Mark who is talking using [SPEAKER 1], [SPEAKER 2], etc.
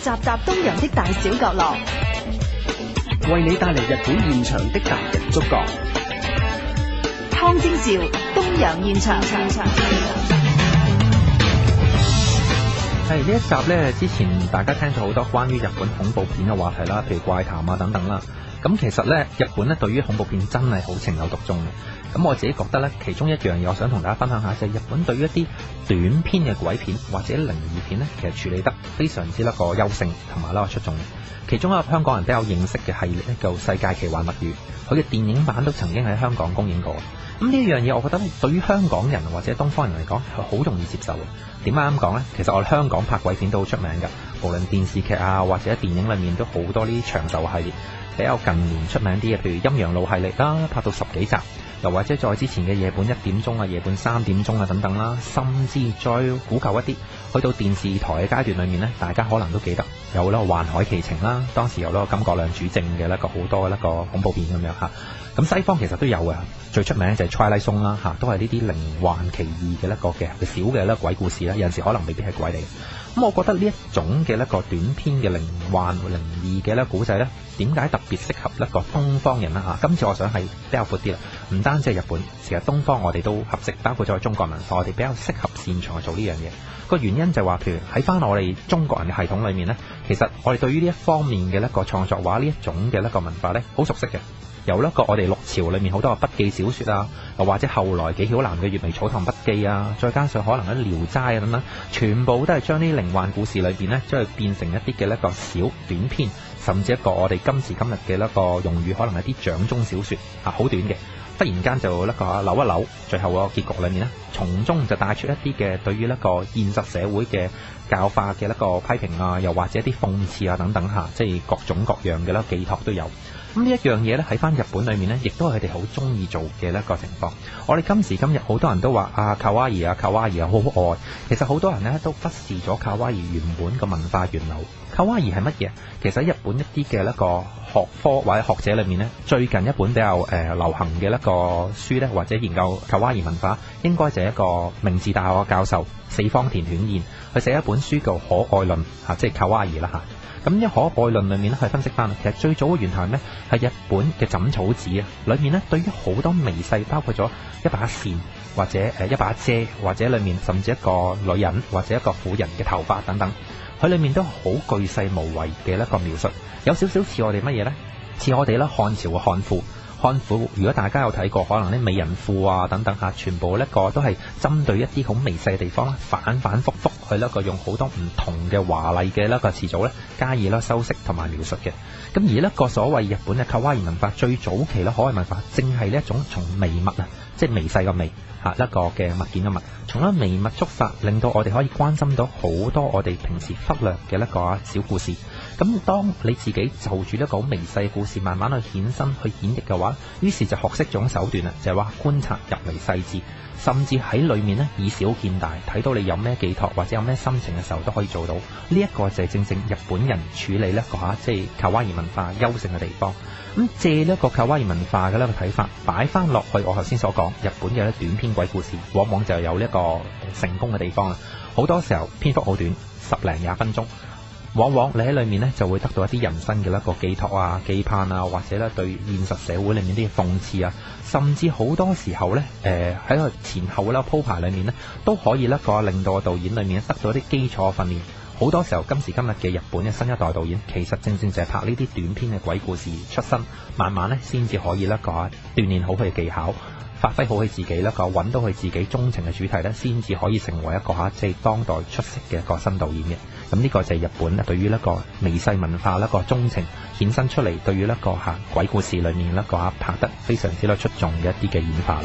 [SPEAKER 1] 集集東洋的大小角落，為你帶嚟日本現場的達人觸覺。湯晶兆，東洋現場。係呢一集咧，之前大家聽咗好多關於日本恐怖片嘅話題啦，譬如怪談啊等等啦。咁其實咧，日本咧對於恐怖片真係好情有獨鍾嘅。咁我自己覺得咧，其中一樣嘢我想同大家分享下，就係日本對於一啲短篇嘅鬼片或者靈異片咧，其實處理得非常之一個優勝同埋咧出眾。其中一個香港人比較認識嘅系列咧，叫《世界奇幻物語》，佢嘅電影版都曾經喺香港公映過。咁呢一樣嘢，我覺得對於香港人或者東方人嚟講，係好容易接受嘅。點解啱講咧？其實我哋香港拍鬼片都好出名㗎。無論電視劇啊，或者電影裏面都好多呢啲長壽系列，比較近年出名啲嘅，譬如《陰陽路》系列啦，拍到十幾集，又或者再之前嘅夜半一點鐘啊，夜半三點鐘啊等等啦，甚至再古舊一啲，去到電視台嘅階段裏面呢，大家可能都記得有呢個《幻海奇情》啦，當時有呢個金國亮主政嘅一個好多一個恐怖片咁樣嚇。咁西方其實都有嘅，最出名就係 Twilight Zone 啦，嚇，都係呢啲靈幻奇異嘅一個嘅小嘅咧鬼故事咧，有陣時可能未必係鬼嚟。咁、啊、我覺得呢一種嘅一、個短篇嘅靈幻靈異嘅咧古仔咧，點解特別適合一個東方人咧？嚇、啊，今次我想係比較闊啲啦，唔單止係日本，其實東方我哋都合適，包括咗中國文化，我哋比較適合擅長去做呢樣嘢。個原因就係話，譬如喺翻我哋中國人嘅系統裏面咧，其實我哋對於呢一方面嘅一個創作畫呢一種嘅一個文化咧，好熟悉嘅，有一個我哋。六朝裏面好多個筆記小說啊，又或者後來紀曉嵐嘅《閱微草堂筆記》啊，再加上可能咧《聊齋》啊等等，全部都係將啲靈幻故事裏邊呢，將、就、佢、是、變成一啲嘅一個小短篇，甚至一個我哋今時今日嘅一個用語，可能係啲掌中小說啊，好短嘅，忽然間就一個扭一扭，最後個結局裏面呢，從中就帶出一啲嘅對於一個現實社會嘅教化嘅一個批評啊，又或者一啲諷刺啊等等嚇、啊，即係各種各樣嘅咧寄託都有。咁呢一樣嘢咧，喺翻日本裏面咧，亦都係佢哋好中意做嘅一個情況。我哋今時今日好多人都話啊，卡哇伊啊，卡哇伊啊，好可愛。其實好多人咧都忽視咗卡哇伊原本嘅文化源流。卡哇伊係乜嘢？其實日本一啲嘅一個學科或者學者裏面咧，最近一本比較誒流行嘅一個書咧，或者研究卡哇伊文化，應該就係一個明治大學嘅教授四方田犬彥去寫一本書叫《可愛論》嚇，啊，即係卡哇伊啦嚇。咁一可愛論裏面咧係分析翻，其實最早嘅源頭係咩？係日本嘅枕草子啊，裏面咧對於好多微細，包括咗一把扇或者誒一把遮，或者裏、呃、面甚至一個女人或者一個婦人嘅頭髮等等，佢裏面都好巨細無遺嘅一個描述，有少少似我哋乜嘢咧？似我哋咧，漢朝嘅漢服。漢賦，如果大家有睇過，可能啲美人賦啊等等嚇，全部一個都係針對一啲好微細嘅地方啦，反反覆覆去一個用好多唔同嘅華麗嘅一個詞組咧，加以啦修飾同埋描述嘅。咁而一個所謂日本嘅卡哇伊文化最早期咧，可愛文化正係一種從微物啊，即係微細個微嚇一個嘅物件啊物，從咧微物觸發，令到我哋可以關心到好多我哋平時忽略嘅一個小故事。咁當你自己就住一個微細嘅故事，慢慢去衍生、去演繹嘅話，於是就學識種手段啊，就係話觀察入嚟細節，甚至喺裏面呢，以小見大，睇到你有咩寄託或者有咩心情嘅時候都可以做到。呢一個就係正正日本人處理呢個吓，即係卡哇伊文化優勝嘅地方。咁借呢一個卡哇伊文化嘅呢個睇法擺翻落去我，我頭先所講日本嘅呢短篇鬼故事，往往就有一個成功嘅地方啊。好多時候篇幅好短，十零廿分鐘。往往你喺裏面咧，就會得到一啲人生嘅一個寄託啊、寄盼啊，或者咧對現實社會裏面啲諷刺啊，甚至好多時候咧，誒喺個前後啦鋪排裏面咧，都可以咧個令到個導演裏面得到一啲基礎嘅訓練。好多時候，今時今日嘅日本嘅新一代導演，其實正正就係拍呢啲短篇嘅鬼故事出身，慢慢咧先至可以咧個鍛鍊好佢嘅技巧，發揮好佢自己咧個揾到佢自己鍾情嘅主題咧，先至可以成為一個嚇即係當代出色嘅一個新導演嘅。咁呢個就係日本咧，對於一個微細文化一個鍾情衍生出嚟，對於一個嚇鬼故事裏面咧、這個話拍得非常之多出眾嘅一啲嘅演化。啦。